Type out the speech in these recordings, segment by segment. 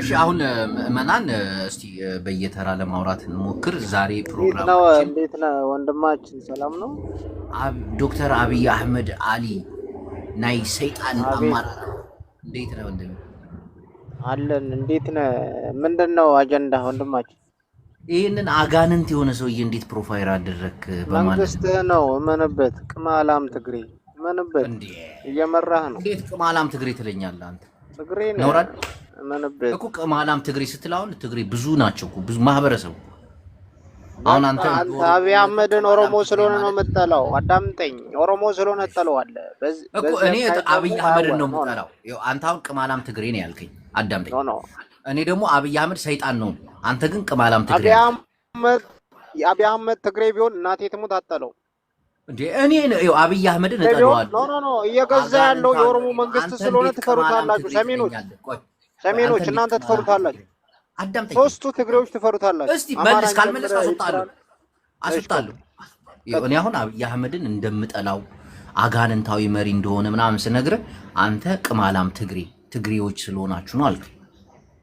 እሺ አሁን ምዕመናን እስቲ በየተራ ለማውራት እንሞክር። ዛሬ ፕሮግራም እንዴት ነው ወንድማችን? ሰላም ነው። ዶክተር አብይ አህመድ አሊ ናይ ሰይጣን አማራ እንዴት ነው? ወንድም አለን። እንዴት ነህ? ምንድን ነው አጀንዳ ወንድማችን? ይህንን አጋንንት የሆነ ሰውዬ እንዴት ፕሮፋይል አደረክ? መንግስትህ ነው እመንበት። ቅማላም ትግሬ እመንበት፣ እየመራህ ነው። እንዴት ቅማላም ትግሬ ትለኛለህ አንተ? ትግሬ ነው እኮ ከማላም ትግሬ ስትል አሁን ትግሬ ብዙ ናቸው እኮ ብዙ ማህበረሰቡ። አሁን አንተ አብይ አህመድን ኦሮሞ ስለሆነ ነው የምጠላው? አዳምጠኝ። ኦሮሞ ስለሆነ እጠላዋለሁ እኮ እኔ አብይ አህመድን ነው የምጠላው። አንተ አሁን ቅማላም ትግሬ ነው ያልከኝ፣ አዳምጠኝ። እኔ ደግሞ አብይ አህመድ ሰይጣን ነው፣ አንተ ግን ቅማላም ትግሬ። አብይ አህመድ ትግሬ ቢሆን እናቴ ትሙት አጠለው እንዴ እኔ ነው አብይ አህመድን እጠላዋለሁ። ኖ ኖ ኖ እየገዛ ያለው የኦሮሞ መንግስት ስለሆነ ትከሩታላችሁ ሰሚኑት ሰሜኖች እናንተ ትፈሩታላችሁ። አዳምጠኝ። ሶስቱ ትግሬዎች ትፈሩታላችሁ። እስቲ መልስ፣ ካልመለስ አስወጣለሁ፣ አስወጣለሁ። እኔ አሁን አብይ አህመድን እንደምጠላው አጋንንታዊ መሪ እንደሆነ ምናምን ስነግር አንተ ቅማላም ትግሬ ትግሬዎች ስለሆናችሁ ነው አልክ።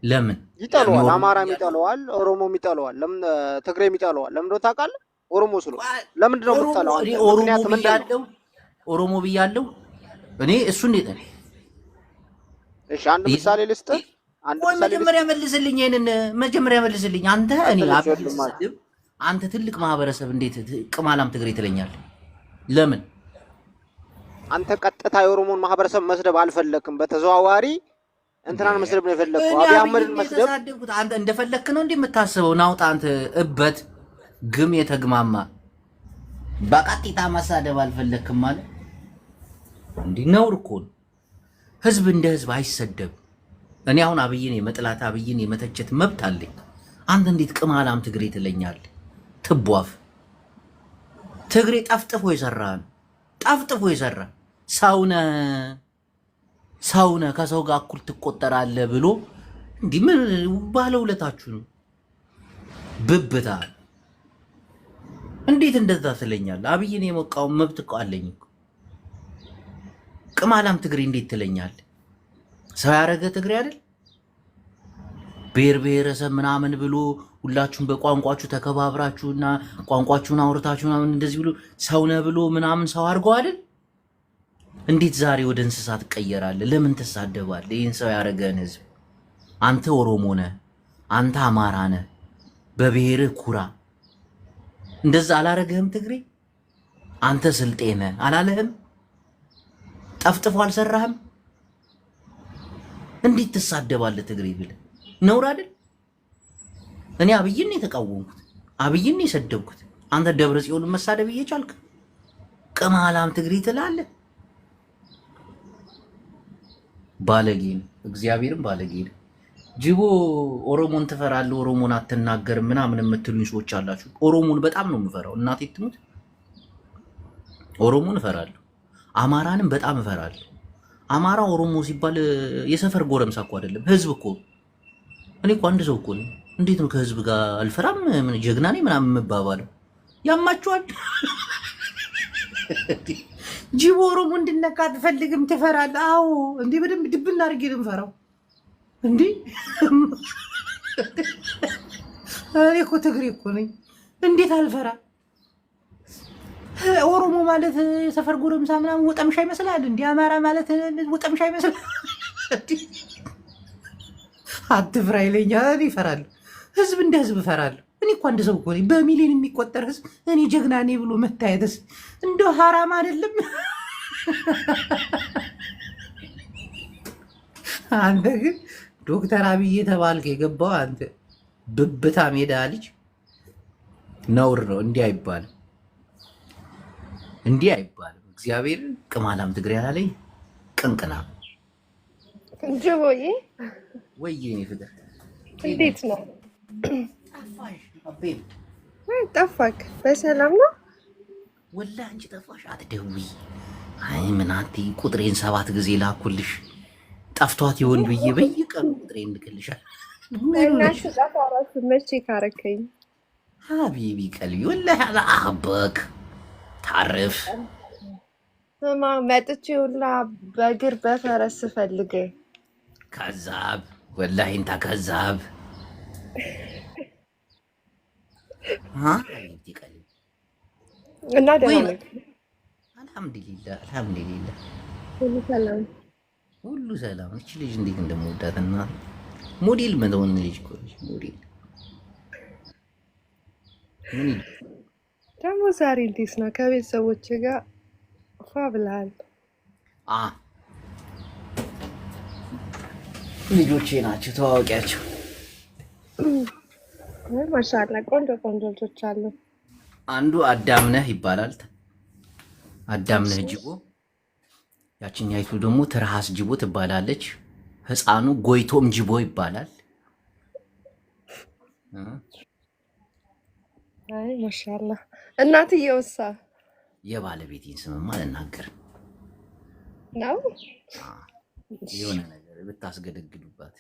ለምን ይጠለዋል? አማራም ይጠለዋል፣ ኦሮሞም ይጠለዋል። ለምን ትግሬም ይጠለዋል? ለምን እንደሆነ ታውቃለህ? ኦሮሞ ስሎ ለምንድን ነው የምትጠላው? ኦሮሞ ብያለሁ፣ ኦሮሞ ብያለሁ። እኔ እሱ እንዴት ነው? እሺ አንድ ምሳሌ ልስጥህ ወይ መጀመሪያ መልስልኝ፣ ይህንን መጀመሪያ መልስልኝ። አንተ እኔ አንተ ትልቅ ማህበረሰብ እንዴት ቅማላም ትግሬ ትለኛለህ? ለምን አንተ ቀጥታ የኦሮሞን ማህበረሰብ መስደብ አልፈለክም? በተዘዋዋሪ እንትናን መስደብ ነው የፈለግኩ። አብይ አህመድን መስደብ አንተ እንደፈለክ ነው እንዴ የምታስበው? ናውጣ አንተ እበት ግም የተግማማ በቀጥታ መሳደብ አልፈለክም ማለት እንዲህ ነውር እኮ ነው። ህዝብ እንደ ህዝብ አይሰደብ እኔ አሁን አብይን የመጥላት አብይን የመተቸት መብት አለኝ። አንተ እንዴት ቅማላም ትግሬ ትለኛል ትቧፍ ትግሬ ጠፍጥፎ የሰራህን ጠፍጥፎ የሰራ ሰውነ ሰውነ ከሰው ጋር እኩል ትቆጠራለህ ብሎ እንዲህ ምን ባለ ውለታችሁ ነው ብብታ እንዴት እንደዛ ትለኛል? አብይን የመቃወም መብት አለኝ። ቅማላም ትግሬ እንዴት ትለኛል? ሰው ያደረገ ትግሬ አይደል? ብሔር ብሔረሰብ ምናምን ብሎ ሁላችሁም በቋንቋችሁ ተከባብራችሁና ቋንቋችሁን አውርታችሁ ምናምን እንደዚህ ብሎ ሰው ነህ ብሎ ምናምን ሰው አድርገው አይደል? እንዴት ዛሬ ወደ እንስሳ ትቀየራለህ? ለምን ትሳደባለህ? ይህን ሰው ያደረገን ህዝብ አንተ ኦሮሞ ነህ፣ አንተ አማራ ነህ፣ በብሔርህ ኩራ። እንደዛ አላረገህም? ትግሬ አንተ ስልጤ ነህ አላለህም? ጠፍጥፎ አልሰራህም? እንዴት ትሳደባለህ ትግሬ ብለህ ነውር አይደል? እኔ አብይን የተቃወምኩት አብይን የሰደብኩት አንተ ደብረ ጽዮን መሳደብ እየቻልክ ቅማላም ትግሬ ትላለህ። ባለጌን እግዚአብሔርም ባለጌ ጅቦ ኦሮሞን ትፈራለህ፣ ኦሮሞን አትናገርም ምናምን የምትሉኝ ሰዎች አላችሁ። ኦሮሞን በጣም ነው የምፈራው፣ እናቴ ትሙት ኦሮሞን እፈራለሁ። አማራንም በጣም እፈራለሁ። አማራ ኦሮሞ ሲባል የሰፈር ጎረምሳ እኮ አይደለም፣ ህዝብ እኮ እኔ እኮ አንድ ሰው እኮ ነኝ። እንዴት ነው ከህዝብ ጋር አልፈራም ምን ጀግና ነኝ ምናምን የምባባለው? ያማችኋል። ጅቦ ኦሮሞ እንድነካ አትፈልግም፣ ትፈራለህ። አዎ እንዴ በደንብ ድብና አድርጌ ልንፈራው የምፈራው። እንዴ እኔ እኮ ትግሬ እኮ ነኝ። እንዴት አልፈራ ኦሮሞ ማለት የሰፈር ጎረምሳ ምናምን ወጠምሻ ይመስላል። እንዲህ አማራ ማለት ወጠምሻ ይመስላል። አትፍራ ይለኛል። ይፈራል ህዝብ፣ እንደ ህዝብ እፈራለሁ። እኔ እኮ አንድ ሰው እኮ በሚሊዮን የሚቆጠር ህዝብ እኔ ጀግና ብሎ መታየትስ እንደ ሀራም አይደለም? አንተ ግን ዶክተር አብይ የተባልክ የገባው አንተ ብብታ ሜዳ ልጅ ነውር ነው፣ እንዲህ አይባልም። እንዲህ አይባልም። እግዚአብሔር ቅማላም ትግሬ ያላለኝ ቅንቅና ጅቦዬ ወይ እኔ ፍቅር እንዴት ነው? ጠፋክ? በሰላም ነው? ወላ አንቺ ጠፋሽ። አትደውይ። አይ ምን አትይ። ቁጥሬን ሰባት ጊዜ ላኩልሽ። ጠፍቷት ይሆን ብዬ በየቀኑ ቁጥሬን እንልክልሻል። እናሽ ጠፋ እራሱ መቼ ካረከኝ ሀቢቢ ቀልቢ ወላ አበክ አርፍ ስማ፣ መጥቼ ሁላ በእግር በፈረስ ፈልግ ከዛብ ወላሂ እንታ ከዛብ እና ደህና አልሐምዱሊላህ አልሐምዱሊላህ፣ ሁሉ ሰላም ሁሉ ሰላም። እች ልጅ እንዴት እንደምወዳት እና ሞዴል መሆን ልጅ ሞዴል ምን ደግሞ ዛሬ እንዴት ነው? ከቤተሰቦች ጋር ፋ ብለሃል? ልጆቼ ናቸው። ተዋወቂያቸው። ማሻላ ቆንጆ ቆንጆ ልጆች አሉ። አንዱ አዳምነህ ይባላል። አዳምነህ ጅቦ፣ ያችኛይቱ ደግሞ ትርሃስ ጅቦ ትባላለች። ህፃኑ ጎይቶም ጅቦ ይባላል። ማሻላ እናትየውሳ የባለቤቴን ስምማ አልናገርም ነው። የሆነ ነገር ብታስገደግዱባት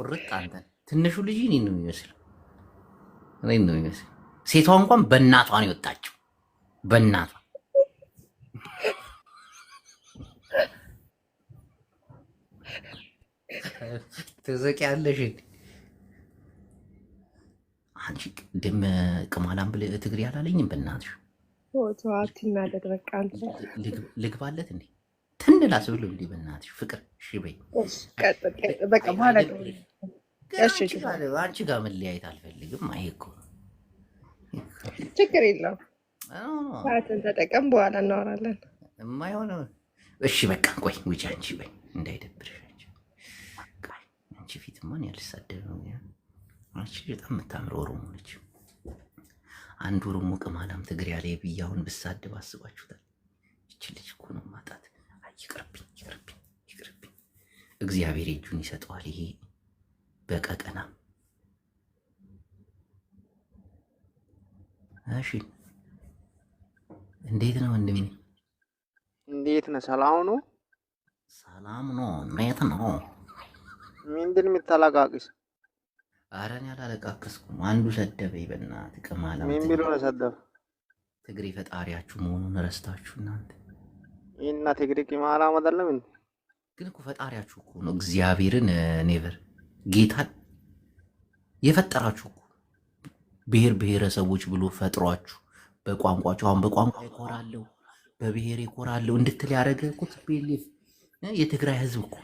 ቁርጥ አንተ ትንሹ ልጅ እኔን ነው የሚመስል እኔን ነው የሚመስል። ሴቷ እንኳን በእናቷ ነው የወጣችው፣ በእናቷ ትዘቂያለሽ እንዴ? እንዴም ቅማላም ብ ትግሪ አላለኝም። በእናትሽ አትናደድ። በቃ ልግባለት እንዴ ትንላስ ብሎ እንዲ በእናትሽ ፍቅር እሺ በይ። አንቺ ጋር መለያየት አልፈልግም። አይ እኮ ችግር የለውም። ሰዓትን ተጠቀም፣ በኋላ እናወራለን። የማይሆነ እሺ በቃ ቆይ ውጭ አንቺ በይ እንዳይደብርሽ። አንቺ ፊትማን ያልሳደብ ነው አንቺ በጣም የምታምር ኦሮሞ ነች። አንድ ኦሮሞ ቅማላም ትግሬ ያለ ብያውን ብሳደብ አስባችሁታል? ይች ልጅ እኮ ነው ማጣት። ይቅርብኝ፣ ይቅርብኝ፣ ይቅርብኝ። እግዚአብሔር እጁን ይሰጠዋል። ይሄ በቀቀና እሺ። እንዴት ነው ወንድሜ? እንዴት ነው? ሰላም ነው? ሰላም ነው? እንዴት ነው? ምንድን የምታለቃቅስ ኧረ እኔ አላለቃቀስኩም። አንዱ ሰደበኝ። በእናትህ ቅማላ ትግሬ ፈጣሪያችሁ መሆኑን ረስታችሁ እናንተ ይህና ትግሬ ቅማላ አይደለም እንዴ? ግን እኮ ፈጣሪያችሁ እኮ ነው። እግዚአብሔርን ኔቨር ጌታን የፈጠራችሁ እኮ ብሔር ብሔረሰቦች ብሎ ፈጥሯችሁ በቋንቋችሁ አሁን በቋንቋ ይኮራለሁ በብሔር ይኮራለሁ እንድትል ያደረገ እኮ የትግራይ ህዝብ እኮ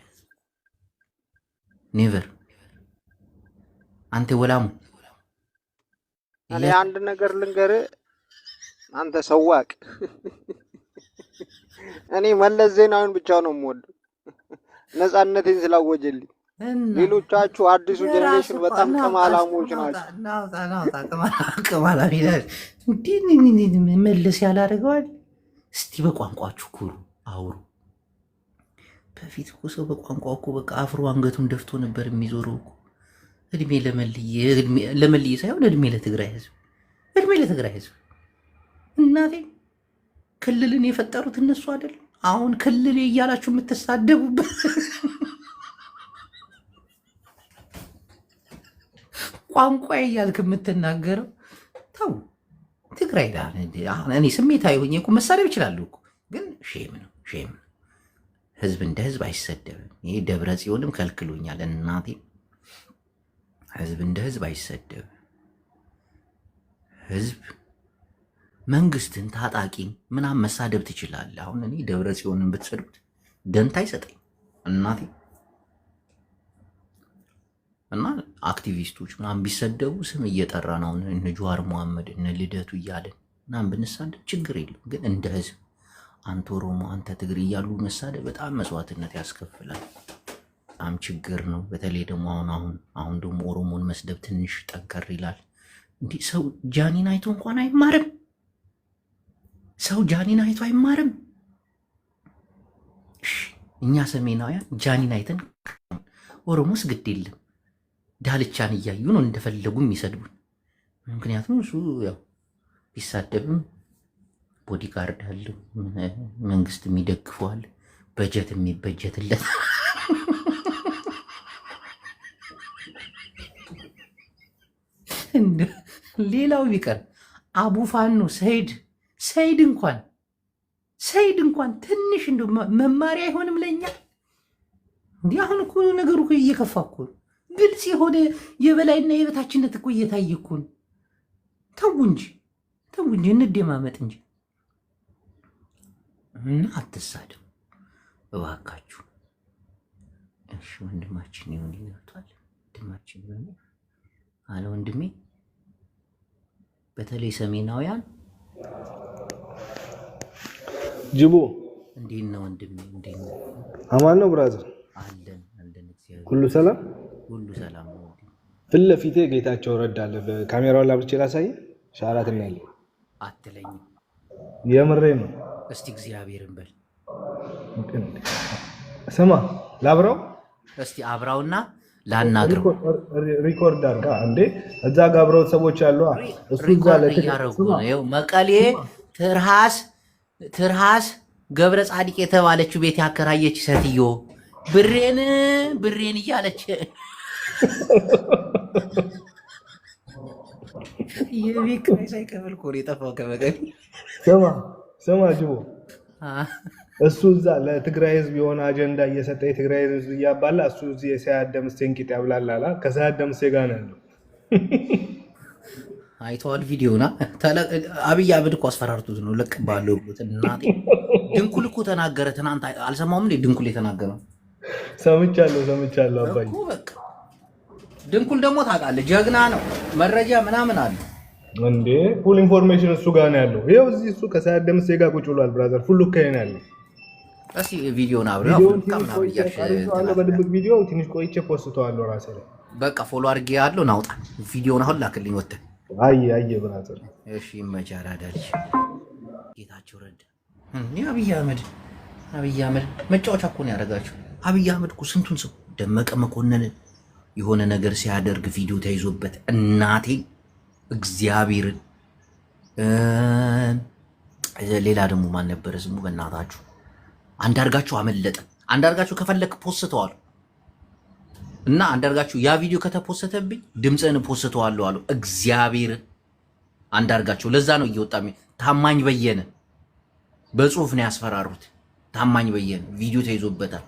ኔቨር አንተ ወላሙ እኔ አንድ ነገር ልንገር፣ አንተ ሰዋቅ። እኔ መለስ ዜናዊን ብቻ ነው የምወደው ነጻነቴን ስላወጀልኝ። ሌሎቻችሁ አዲሱ ጀኔሬሽን በጣም ቅማላሞች ናቸው። መለስ ያላደርገዋል። እስቲ በቋንቋችሁ ኩሩ፣ አውሩ። በፊት እኮ ሰው በቋንቋ እኮ በቃ አፍሮ አንገቱን ደፍቶ ነበር የሚዞረው እኮ እድሜ ለመልዬ ሳይሆን እድሜ ለትግራይ ህዝብ፣ እድሜ ለትግራይ ህዝብ። እናቴ ክልልን የፈጠሩት እነሱ አይደል? አሁን ክልል እያላችሁ የምትሳደቡበት ቋንቋ እያልክ የምትናገረው ተው። ትግራይ እኔ ስሜታዊ ሆኜ እኮ መሳደብ እኮ ግን ሼም ነው ሼም። ህዝብ እንደ ህዝብ አይሰደብም። ይሄ ደብረ ጽዮንም ከልክሎኛል እናቴ ህዝብ እንደ ህዝብ አይሰደብም። ህዝብ መንግስትን፣ ታጣቂን ምናምን መሳደብ ትችላለህ። አሁን እኔ ደብረ ጽዮንን ብትሰድቡት ደንታ አይሰጠኝ እናቴ እና አክቲቪስቶች ምናምን ቢሰደቡ ስም እየጠራ ነው እነ ጀዋር መሐመድ እነ ልደቱ እያለን ምናምን ብንሳደብ ችግር የለም። ግን እንደ ህዝብ አንተ ኦሮሞ፣ አንተ ትግሬ እያሉ መሳደብ በጣም መስዋዕትነት ያስከፍላል። በጣም ችግር ነው። በተለይ ደግሞ አሁን አሁን አሁን ደግሞ ኦሮሞን መስደብ ትንሽ ጠንከር ይላል። እንዲህ ሰው ጃኒን አይቶ እንኳን አይማርም። ሰው ጃኒን አይቶ አይማርም። እኛ ሰሜናውያን ጃኒን አይተን ኦሮሞስ ግድ የለም ዳልቻን እያዩ ነው እንደፈለጉ የሚሰድቡን። ምክንያቱም እሱ ያው ቢሳደብም ቦዲጋርድ አለው፣ መንግስት የሚደግፈዋል፣ በጀት የሚበጀትለት ሌላው ቢቀር አቡፋኖ ሰይድ ሰይድ እንኳን ሰይድ እንኳን ትንሽ እንደ መማሪያ አይሆንም ለእኛ። እንዲህ አሁን እኮ ነገሩ እኮ እየከፋ እኮ ግልጽ የሆነ የበላይና የበታችነት እኮ እየታየ እኮ ነው። ተው እንጂ ተው እንጂ እንደማመጥ እንጂ እና አትሳደው እባካችሁ። እሺ ወንድማችን ይሁን ይመቷል ወንድማችን ይሁን አለ ወንድሜ። በተለይ ሰሜናውያን ጅቦ እንዴት ነው ወንድሜ? እንዴት ነው? አማን ነው ብራዘር? አለን አለን። እግዚአብሔር ሁሉ ሰላም፣ ሁሉ ሰላም። ፊት ለፊቴ ጌታቸው ረዳ አለ። ካሜራውን ላምቼ ላሳይ። ሻራት እናያለን አትለኝም። የምሬ ነው። እስቲ እግዚአብሔርን በል ስማ። ላብረው እስቲ አብራውና ላናግረው ሪኮርድ አድርጋ እንዴ፣ እዛ ጋር አብረው ሰዎች አሉ። መቀሌ ትርሃስ ትርሃስ ገብረ ጻድቅ የተባለችው ቤት ያከራየች ሴትዮ ብሬን ብሬን እያለች የቤት ኪራይ ሳይከፈል እኮ ነው የጠፋው ከመቀሌ። ስማ ስማ ጅቦ እሱ እዛ ለትግራይ ህዝብ የሆነ አጀንዳ እየሰጠ የትግራይ ህዝብ እያባላ እሱ እዚ የሳያት ደምሴን እንቂጥ ያብላላላ ከሳያት ደምሴ ጋር ነው ያለው። አይተዋል ቪዲዮና አብይ አብድ እኮ አስፈራርቱት ነው ለቅ ባለው ብሎት ድንኩል እኮ ተናገረ ትናንት። አልሰማሁም እንዴ ድንኩል የተናገረ ሰምቻለሁ ሰምቻለሁ። አባይ ድንኩል ደግሞ ታውቃለህ ጀግና ነው። መረጃ ምናምን አለ እንዴ ፉል ኢንፎርሜሽን እሱ ጋር ነው ያለው። ይኸው እዚህ እሱ ከሳያት ደምሴ ጋር ቁጭ ብሏል። ብራዘር ፉሉ እኮ ይሄን ያለው እስኪ ቪዲዮን አብረን በድብቅ ቪዲዮ ትንሽ ቆይቼ ፖስተዋለሁ ራሴ ላይ በቃ ፎሎ አድርጌ ያለው ናውጣ ቪዲዮን አሁን ላክልኝ ወተን አየ አየ ብራዘር እሺ ይመቻል አዳልሽ ጌታቸው ረዳ አብይ አህመድ አብይ አህመድ መጫወቻ እኮ ነው ያደረጋቸው አብይ አህመድ እኮ ስንቱን ሰው ደመቀ መኮንንን የሆነ ነገር ሲያደርግ ቪዲዮ ተይዞበት እናቴ እግዚአብሔርን ሌላ ደግሞ ማን ነበረ ስሙ በእናታችሁ አንዳርጋችሁ አመለጠ። አንዳርጋችሁ ከፈለክ ፖስተዋል እና አንዳርጋችሁ ያ ቪዲዮ ከተፖሰተብኝ ድምፅህን ፖስተዋለሁ አሉ። እግዚአብሔር አንዳርጋቸው ለዛ ነው እየወጣ ታማኝ በየነ በጽሁፍ ነው ያስፈራሩት። ታማኝ በየነ ቪዲዮ ተይዞበታል።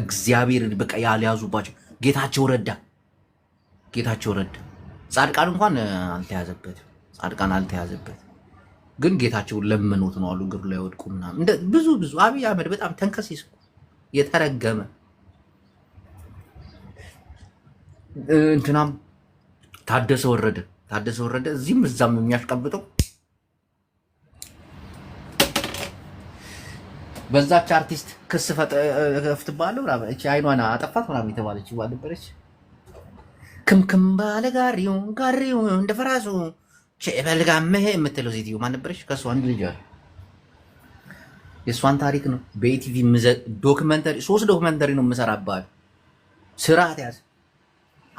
እግዚአብሔርን በቃ ያልያዙባቸው ጌታቸው ረዳ ጌታቸው ረዳ ጻድቃን እንኳን አልተያዘበትም። ጻድቃን አልተያዘበትም። ግን ጌታቸውን ለመኑት ነው አሉ። እግሩ ላይ ወድቁ ምናምን ብዙ ብዙ። አብይ አህመድ በጣም ተንከሲስ የተረገመ እንትናም ታደሰ ወረደ ታደሰ ወረደ እዚህም እዛም የሚያሽቀብጠው በዛች አርቲስት ክስ ከፍትብሃለሁ አይኗን አጠፋት ምናምን የተባለች ባልነበረች ክምክም ባለ ጋሪው ጋሪው እንደ ፈራሱ በልጋምህ የምትለው ሴትዮ ማን ነበረች? ከእሷ አንድ ልጅ አለ። የእሷን ታሪክ ነው በኢቲቪ ዶክመንተሪ፣ ሶስት ዶክመንተሪ ነው የምሰራባል። ስርዓት ያዝ።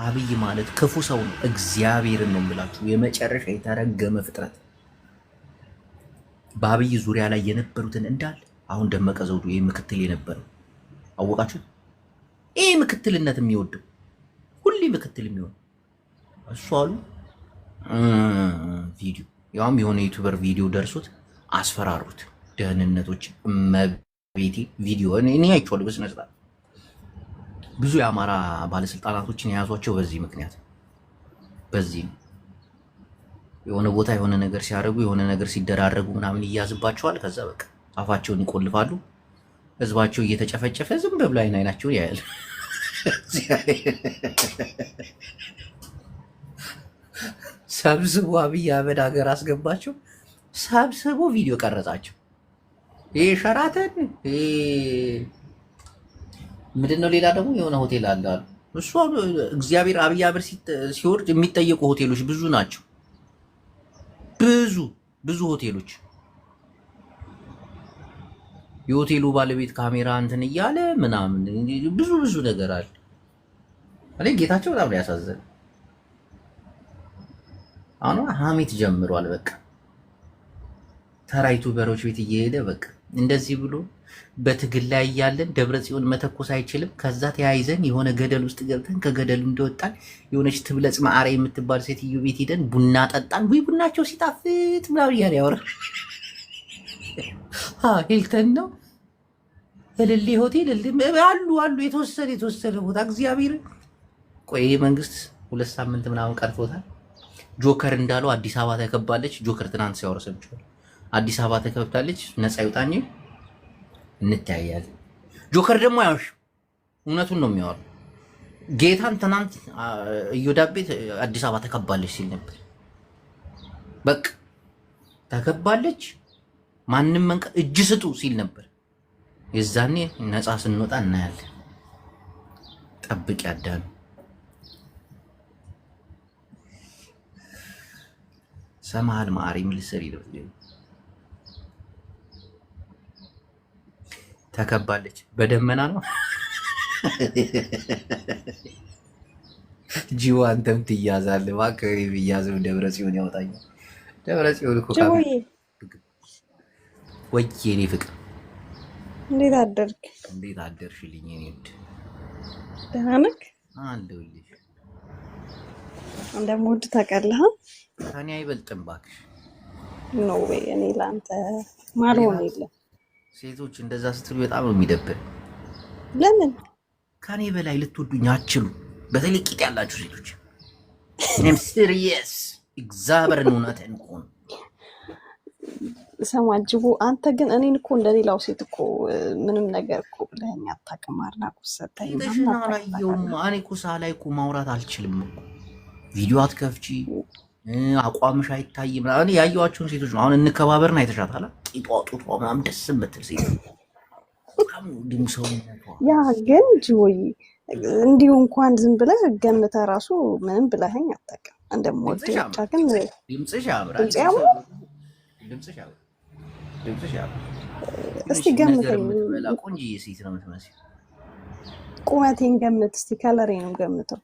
አብይ ማለት ክፉ ሰው ነው። እግዚአብሔርን ነው የምላችሁ፣ የመጨረሻ የተረገመ ፍጥረት። በአብይ ዙሪያ ላይ የነበሩትን እንዳለ አሁን ደመቀ ዘውዱ ይህ ምክትል የነበረው አወቃችሁ። ይህ ምክትልነት የሚወደው ሁሌ ምክትል የሚሆን እሱ አሉ ቪዲዮ ያውም የሆነ ዩቱበር ቪዲዮ ደርሶት አስፈራሩት። ደህንነቶች መቤቴ ቪዲዮ እኔ አይቼዋለሁ። በስነ ስርዓት ብዙ የአማራ ባለስልጣናቶችን የያዟቸው በዚህ ምክንያት በዚህ ነው። የሆነ ቦታ የሆነ ነገር ሲያደርጉ የሆነ ነገር ሲደራረጉ ምናምን ይያዝባቸዋል። ከዛ በቃ አፋቸውን ይቆልፋሉ። ህዝባቸው እየተጨፈጨፈ ዝም ብለው አይን አይናቸውን ያያል። ሰብስቦ አብይ አህመድ ሀገር አስገባቸው። ሰብስቦ ቪዲዮ ቀረጻቸው። ይህ ሸራተን ምንድን ነው? ሌላ ደግሞ የሆነ ሆቴል አለ አሉ። እሱ እግዚአብሔር አብይ አህመድ ሲወርድ የሚጠየቁ ሆቴሎች ብዙ ናቸው። ብዙ ብዙ ሆቴሎች የሆቴሉ ባለቤት ካሜራ እንትን እያለ ምናምን ብዙ ብዙ ነገር አለ። እኔ ጌታቸው በጣም ነው አሁን ሀሜት ጀምሯል። በቃ ተራይቱ በሮች ቤት እየሄደ በቃ እንደዚህ ብሎ በትግል ላይ እያለን ደብረ ጽዮን መተኮስ አይችልም። ከዛ ተያይዘን የሆነ ገደል ውስጥ ገብተን ከገደሉ እንደወጣን የሆነች ትብለጽ ማዕረ የምትባል ሴትዮ ቤት ሄደን ቡና ጠጣን። ወይ ቡናቸው ሲጣፍጥ ምናምን እያለ ያወራል። ሄልተን ነው እልሌ ሆቴል አሉ አሉ የተወሰነ የተወሰነ ቦታ እግዚአብሔር ቆይ መንግስት ሁለት ሳምንት ምናምን ቀርቶታል። ጆከር እንዳለው አዲስ አበባ ተከባለች። ጆከር ትናንት ሲያወራ ሰምቻለሁ። አዲስ አበባ ተከብታለች፣ ነፃ ይውጣኝ፣ እንተያያለን። ጆከር ደግሞ ያሽ እውነቱን ነው የሚያወራው። ጌታን ትናንት እዮዳብ አዲስ አበባ ተከባለች ሲል ነበር። በቃ ተከባለች፣ ማንም መንቀ- እጅ ስጡ ሲል ነበር። የዛኔ ነፃ ስንወጣ እናያለን። ጠብቅ ያዳነው ሰማሃል ማዕሪ ምልሰር ይለት ተከባለች በደመና ነው። ጂዋ አንተም ትያዛለህ። እባክህ ብያዘው ደብረ ጽዮን ያወጣኛል። ደብረ ጽዮን እኮ ወይ የኔ ፍቅር እንዴት አደርክ? እንዴት አደርሽልኝ? የኔ ውድ ደህና ነህ? አለሁልሽ። እንደምወድ ታውቃለህ። ከኔ አይበልጥም እባክሽ። ኖ ወይ እኔ ለአንተ ማልሆን የለም። ሴቶች እንደዛ ስትሉ በጣም ነው የሚደብር። ለምን ከኔ በላይ ልትወዱኝ አችሉ? በተለይ ቂጥ ያላችሁ ሴቶች እኔም ሲሪየስ እግዚአብሔርን እውነትን ከሆኑ ሰማ እጅጉ አንተ ግን እኔን እኮ እንደሌላው ሴት እኮ ምንም ነገር እኮ ብለኸኝ አታውቅም። አድናቆት ሰጠኝ እኔ እኮ ሳላይ እኮ ማውራት አልችልም። ቪዲዮ አትከፍቺ አቋምሽ አይታይም። ምናምን ያየኋቸውን ሴቶች ነው። አሁን እንከባበርን አይተሻታል። ቂጧ ጡቷ ምናምን ደስ የምትል ሴት ያ ግን ጅወይ እንዲሁ እንኳን ዝም ብለህ ገምተ ራሱ ምንም ብለኸኝ አታውቅም። እንደምወድ ብቻ ግን እስቲ ገምተኝ። ቁመቴን ገምት እስቲ ከለሬንም ገምተው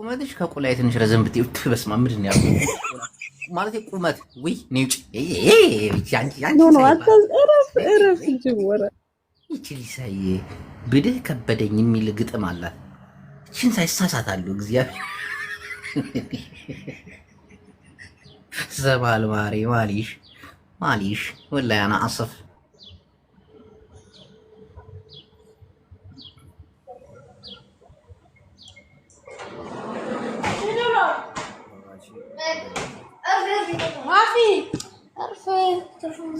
ቁመትሽ ከቆላይ ትንሽ ረዘም ብትይ በስመ በስማ ምድን ያ ማለት ቁመት ውይ ኔውጭ ይቺ ሊሳይ ብድህ ከበደኝ የሚል ግጥም አላት። ይችን ሳይሳሳታሉ እግዚአብሔር ዘባል ማሪ ማሊሽ ማሊሽ ወላሂ አና አሰፍ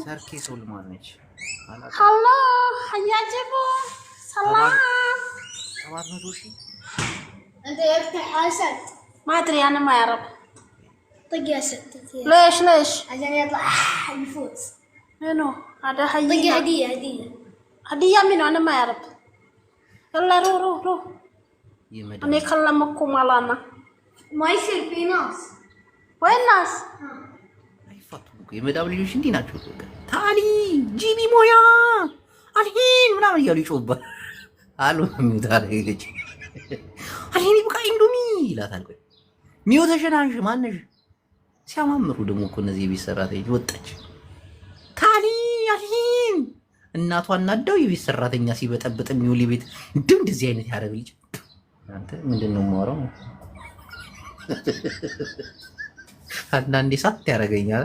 ሰርኪ ሱልማን ነች። ሀሎ ሀያጀቦ ሰላም ሰባት መቶ ሺህ ማድሪ ያንም አያረብ ليش ليش؟ عشان يطلع يفوز منو؟ هذا حي هدية هدية هدية منو؟ أنا ما أعرف يلا روح روح روح أنا يكلمكم على أنا ما يصير في ناس وين ناس؟ የመዳም ልጆች እንዲህ ናቸው። ታሊ ጂቢ ሞያ አልሄን ምናምን እያሉ ይጮባል አሉ ሚታ ልጅ አልሄን ይብቃ ኢንዶሚ ይላታል። ቆይ ሚዮ ተሸናንሽ ማነሽ ሲያማምሩ ደግሞ እኮ እነዚህ የቤት ሰራተኞች ወጣች ታሊ አልሄን እናቷ እናዳው የቤት ሰራተኛ ሲበጠብጥ የሚውል ቤት እንደው እንደዚህ አይነት ያደረግ ልጅ አንተ ምንድን ነው የማወራው? አንዳንዴ ሳት ያደረገኛል።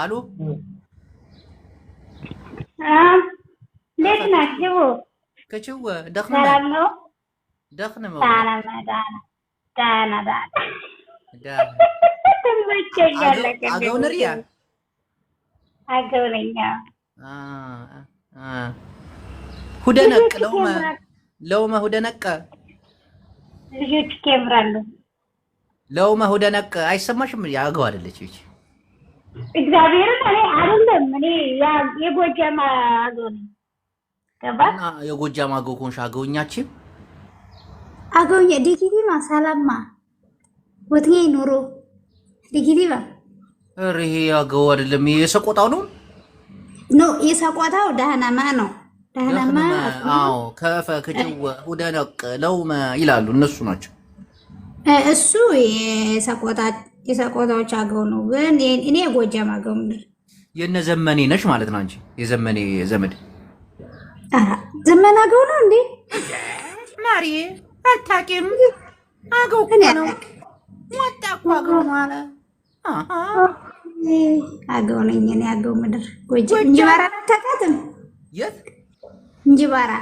አሉ እንዴት ናችሁ? ክችው ደኽም ነው ሁደነቅ ለውመ ለውመ ሁደነቀ ልጆች ኬምራሉ ለውመ ሁደነቀ አይሰማሽም? አገው አይደለች ይቺ እግዚአብሔርን እኔ አይደለም እኔ የጎጃም ነኝ። የጎጃም አገው ኮንሽ አገውኛችን አገውኛ ዲጊዲማ ኑሮ ኧረ ይሄ አገው አይደለም የሰቆጣው ነው ኖ የሰቆጣው ነው። ከፈ ከጀወ ሁደነቅ ለውመ ይላሉ እነሱ ናቸው። እሱ የሰቆጣ የሰቆጣዎች አገው ነው። ግን እኔ የጎጃም አገው ምድር የነ ዘመኔ ነሽ ማለት ነው። አንቺ የዘመኔ ዘመድ ዘመን አገው ነው እንዴ? ማሪ አታቂም? አገው እኮ ነው። ወጣ እኮ አገው ማለ አገው ነኝ እኔ። አገው ምድር ጎጃም እንጅባራ አታውቃትም? የት እንጅባራ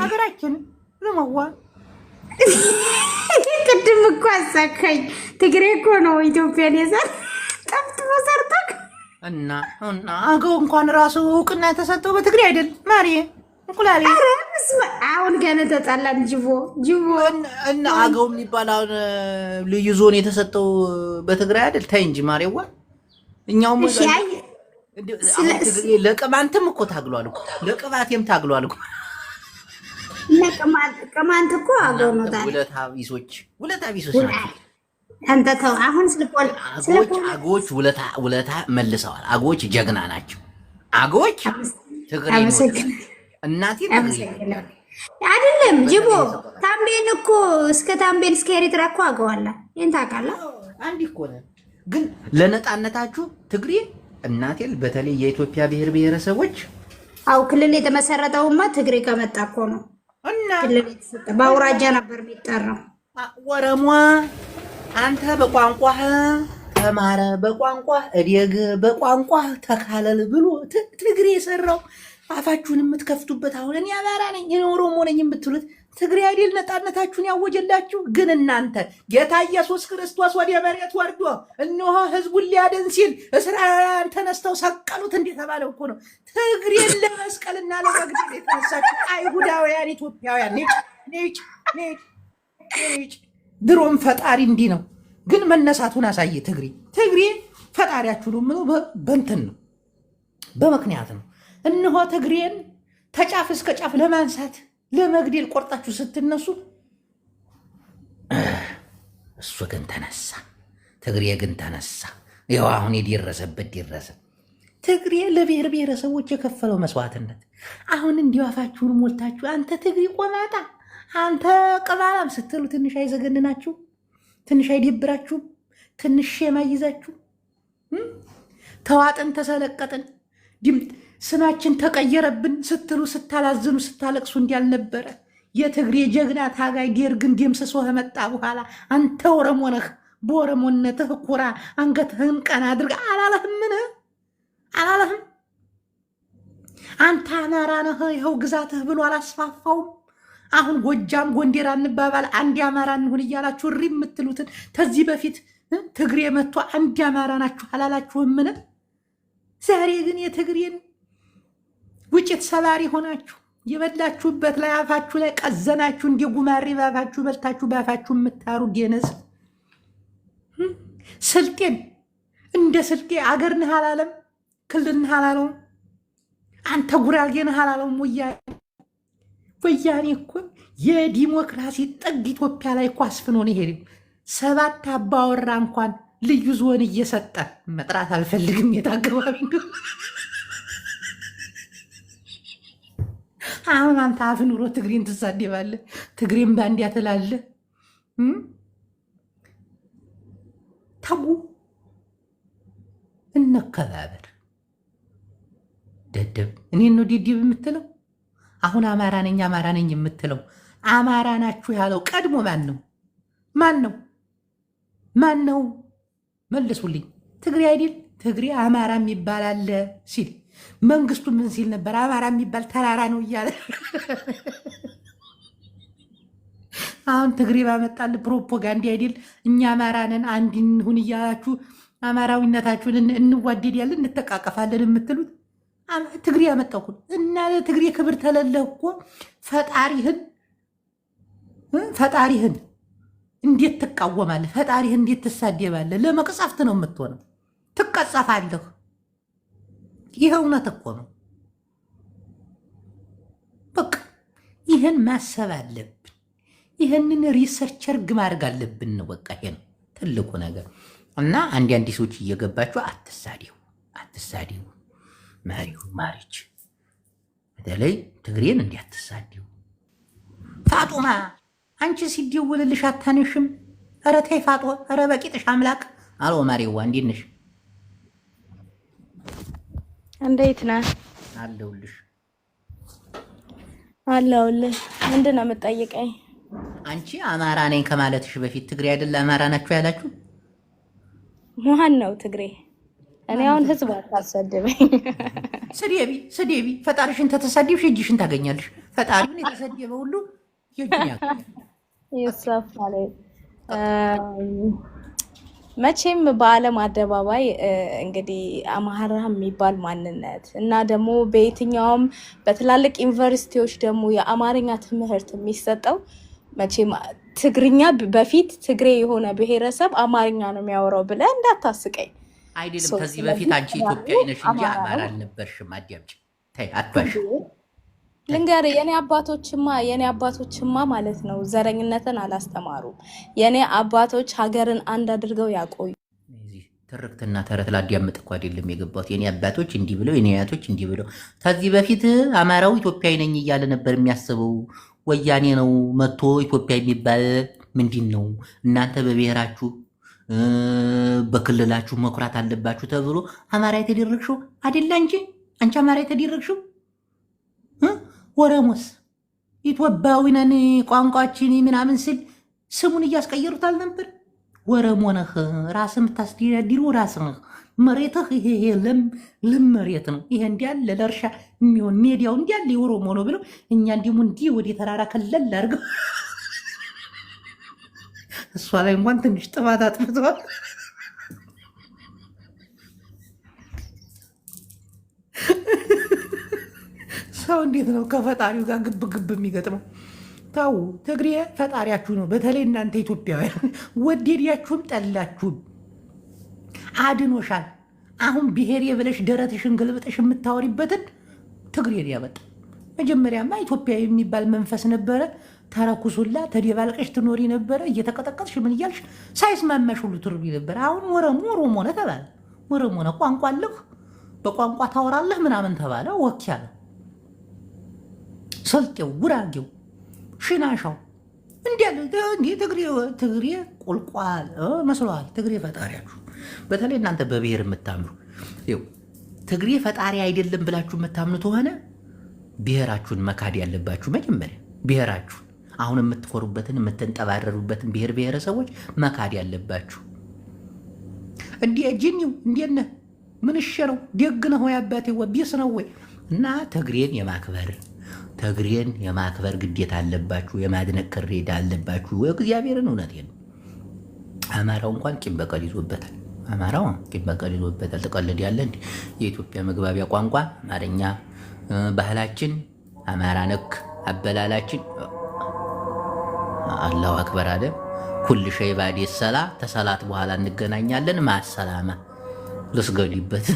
ሀገራችን ልመዋ ቅድም እኮ አሳካኝ። ትግሬ እኮ ነው ኢትዮጵያን የዘር ጠፍጥፎ ሰርቶ እና እና አገው እንኳን ራሱ እውቅና የተሰጠው በትግሬ አይደል? ማሪ እንቁላሌ አሁን ገና ተጣላን። ጅቦ ጅቦ እና አገው የሚባል አሁን ልዩ ዞን የተሰጠው በትግራይ አይደል? ተይ እንጂ ማሬዋ እኛውም ለቅማንትም እኮ ታግሏል እኮ ለቅባቴም ታግሏል እኮ ቅማንት እኮ አገው ነው። አገዎች ውለታ መልሰዋል። አጎች ጀግና ናቸው። አገዎች ትግሬ እናቴ አይደለም ጅቦ ታምቤን እኮ እስከ ታምቤን እስከ ኤሪትራ እኮ አገዋላ። ይህን ታውቃለህ። አንድ እኮ ግን ለነፃነታችሁ ትግሬ እናቴል በተለይ የኢትዮጵያ ብሔር ብሔረሰቦች አው ክልል የተመሰረተውማ ትግሬ ከመጣ እኮ ነው። በአውራጃ ነበር የሚጠራው። ወረሟ አንተ በቋንቋህ ተማረ፣ በቋንቋህ እደግ፣ በቋንቋህ ተካለል ብሎ ትግሬ የሰራው አፋችሁን የምትከፍቱበት አሁን እኔ አማራ ነኝ እኔ ኦሮሞ ነኝ የምትሉት ትግሬ አይደል ነፃነታችሁን ያወጀላችሁ? ግን እናንተ ጌታ ኢየሱስ ክርስቶስ ወደ መሬት ወርዶ እነሆ ህዝቡን ሊያድን ሲል እስራኤላውያን ተነስተው ሰቀሉት እንደተባለ እኮ ነው። ትግሬን ለመስቀልና ለመግደል የተነሳችሁ አይሁዳውያን ኢትዮጵያውያን ነጭ ድሮም ፈጣሪ እንዲህ ነው፣ ግን መነሳቱን አሳየ ትግሬ ትግሬ ፈጣሪያችሁ ነው። በንትን ነው በምክንያት ነው። እነሆ ትግሬን ተጫፍ እስከ ጫፍ ለማንሳት ለመግደል ቆርጣችሁ ስትነሱ እሱ ግን ተነሳ፣ ትግሬ ግን ተነሳ። ያው አሁን የደረሰበት ደረሰ። ትግሬ ለብሔር ብሔረሰቦች የከፈለው መስዋዕትነት አሁን እንዲዋፋችሁን ሞልታችሁ አንተ ትግሬ ቆማጣ፣ አንተ ቅማላም ስትሉ ትንሽ አይዘገንናችሁ? ትንሽ አይደብራችሁም? ትንሽ የማይዛችሁ ተዋጥን ተሰለቀጥን ስማችን ተቀየረብን ስትሉ ስታላዝኑ ስታለቅሱ እንዳልነበረ የትግሬ ጀግና ታጋይ ጌርግን ደምስሶ ከመጣ በኋላ አንተ ኦሮሞ ነህ፣ በኦሮሞነትህ ኩራ፣ አንገትህን ቀና አድርግ አላለህምን? አላለህም? አንተ አማራ ነህ፣ ይኸው ግዛትህ ብሎ አላስፋፋውም? አሁን ጎጃም ጎንደር አንባባል አንድ አማራ እንሁን እያላችሁ እሪ የምትሉትን ከዚህ በፊት ትግሬ መጥቶ አንድ አማራ ናችሁ አላላችሁምን? ዛሬ ግን የትግሬን ውጭት ሰባሪ ሆናችሁ የበላችሁበት ላይ አፋችሁ ላይ ቀዘናችሁ እንደ ጉማሬ በአፋችሁ በልታችሁ በአፋችሁ የምታሩ ጌነዝ ስልጤን እንደ ስልጤ አገር ነህ አላለም፣ ክልል ነህ አላለውም። አንተ ጉራጌ ነህ አላለውም። ወያኔ ወያኔ እኮ የዲሞክራሲ ጥግ ኢትዮጵያ ላይ እኮ አስፍኖ ነው ይሄ ሰባት አባወራ እንኳን ልዩ ዞን እየሰጠ መጥራት አልፈልግም የት አገባቢ ነው አሁን አንተ አፍ ኑሮ ትግሬን ትሳደባለህ፣ ትግሬን ባንዲያ ትላለህ። ተው እንከባበር። ደደብ እኔን ነው ደደብ የምትለው? አሁን አማራ ነኝ አማራ ነኝ የምትለው አማራ ናችሁ ያለው ቀድሞ ማን ነው? ማን ነው? ማን ነው? መልሱልኝ። ትግሬ አይደል? ትግሬ አማራ የሚባል አለ ሲል መንግስቱ ምን ሲል ነበር? አማራ የሚባል ተራራ ነው እያለ አሁን ትግሬ ባመጣል ፕሮፓጋንዳ አይደል? እኛ አማራ ነን አንድ እንሁን እያላችሁ አማራዊነታችሁን እንዋደዳለን እንተቃቀፋለን የምትሉት ትግሬ ያመጣው እና ትግሬ ክብር ተለለህ እኮ ፈጣሪህን ፈጣሪህን እንዴት ትቃወማለህ? ፈጣሪህን እንዴት ትሳደባለህ? ለመቅጸፍት ነው የምትሆነው። ትቀጸፋለህ። ይህ እውነት እኮ ነው። በቃ ይህን ማሰብ አለብን። ይህንን ሪሰርቸር ግማርግ ማድረግ አለብን። በቃ ይሄ ነው ትልቁ ነገር እና አንዳንድ ሰዎች እየገባችሁ አትሳዲው፣ አትሳዲው መሪው ማሪች በተለይ ትግሬን እንዲህ አትሳዲው። ፋጡማ አንቺ ሲደወልልሽ አታነሽም? ኧረ ተይ ፋጦ፣ ኧረ በቂጥሽ አምላክ አሎ ማሬዋ እንዲንሽ እንዴት ነህ? አለሁልሽ አለሁልህ። ምንድን ነው የምትጠይቀኝ? አንቺ አማራ ነኝ ከማለትሽ በፊት ትግሬ አይደል አማራ ናችሁ ያላችሁ? ማን ነው ትግሬ? እኔ አሁን ህዝብ አታሰድበኝ። ስደቢ ስደቢ። ፈጣሪሽን ተተሳደብሽ እጅሽን ታገኛለሽ። ፈጣሪውን የተሰደበ ሁሉ ይሳፋል። መቼም በዓለም አደባባይ እንግዲህ አማራ የሚባል ማንነት እና ደግሞ በየትኛውም በትላልቅ ዩኒቨርሲቲዎች ደግሞ የአማርኛ ትምህርት የሚሰጠው መቼም ትግርኛ በፊት ትግሬ የሆነ ብሔረሰብ አማርኛ ነው የሚያወራው ብለ እንዳታስቀኝ። አይደለም ከዚህ በፊት አንቺ ኢትዮጵያዊ ነሽ እንጂ አማራ አልነበርሽም። አዳምጪ፣ አትዋሽ ልንገር የኔ አባቶችማ የኔ አባቶችማ ማለት ነው ዘረኝነትን አላስተማሩም። የኔ አባቶች ሀገርን አንድ አድርገው ያቆዩ። ትርክትና ተረት ላዳምጥ እኮ አይደለም የገባት። የኔ አባቶች እንዲህ ብለው፣ የኔ አያቶች እንዲህ ብለው። ከዚህ በፊት አማራው ኢትዮጵያዊ ነኝ እያለ ነበር የሚያስበው። ወያኔ ነው መጥቶ ኢትዮጵያ የሚባል ምንድን ነው እናንተ በብሔራችሁ በክልላችሁ መኩራት አለባችሁ ተብሎ አማራ የተደረግሽው አይደለ እንጂ አንቺ አማራ የተደረግሽው ወረሞስ ኢትዮጵያዊ ነን ቋንቋችን ምናምን ስል ስሙን እያስቀየሩታል ነበር። ወረሞ ነህ፣ ራስህ የምታስተዳድረው ራስህ ነህ። መሬትህ ይሄ ለም መሬት ነው። ይሄ እንዲያለ ለእርሻ የሚሆን ሜዲያው እንዲያለ የኦሮሞ ነው ብለው እኛ እንዲሙ እንዲህ ወደ ተራራ ከለል አድርገው እሷ ላይ እንኳን ትንሽ ጥፋት አጥፍተዋል። ሰው እንዴት ነው ከፈጣሪው ጋር ግብ ግብ የሚገጥመው? ታው ትግሬ ፈጣሪያችሁ ነው። በተለይ እናንተ ኢትዮጵያውያን ወደዳችሁም ጠላችሁም አድኖሻል። አሁን ብሔር የብለሽ ደረትሽን ገልብጠሽ የምታወሪበትን ትግሬን ያመጣ። መጀመሪያማ ኢትዮጵያ የሚባል መንፈስ ነበረ። ተረኩሱላ ተደባልቀሽ ትኖሪ ነበረ። እየተቀጠቀጥሽ ምን እያልሽ ሳይስማማሽ ሁሉ ትርቢ ነበረ። አሁን ወረሙ ኦሮሞ ነህ ተባለ። ወረሞ ነህ ቋንቋ አለህ፣ በቋንቋ ታወራለህ ምናምን ተባለ። ወኪያ ነው ሰልጤው፣ ጉራጌው፣ ሽናሻው እንዲህ ትግሬ ትግሬ ቁልቋል መስለዋል። ትግሬ ፈጣሪያችሁ በተለይ እናንተ በብሔር የምታምኑ ትግሬ ፈጣሪ አይደለም ብላችሁ የምታምኑ ከሆነ ብሔራችሁን መካድ ያለባችሁ መጀመሪያ ብሔራችሁን አሁን የምትኮሩበትን የምትንጠባረሩበትን ብሔር ብሔረሰቦች መካድ ያለባችሁ። እንዲ ጅኒው እንዴነ ምንሸ ነው ደግነህ ወይ አባቴ ነው ወይ እና ትግሬን የማክበር ተግሬን የማክበር ግዴታ አለባችሁ፣ የማድነቅ ክሬዳ አለባችሁ። እግዚአብሔርን እውነት ነው። አማራው እንኳን ቂም በቀል ይዞበታል። አማራው ቂም በቀል ይዞበታል። ትቀልድ ያለ እንዲ የኢትዮጵያ መግባቢያ ቋንቋ አማርኛ፣ ባህላችን አማራ ነክ አበላላችን። አላሁ አክበር አለ ኩል ሸይ ባዴ ሰላ ተሰላት በኋላ እንገናኛለን። ማሰላማ ልስገሊበት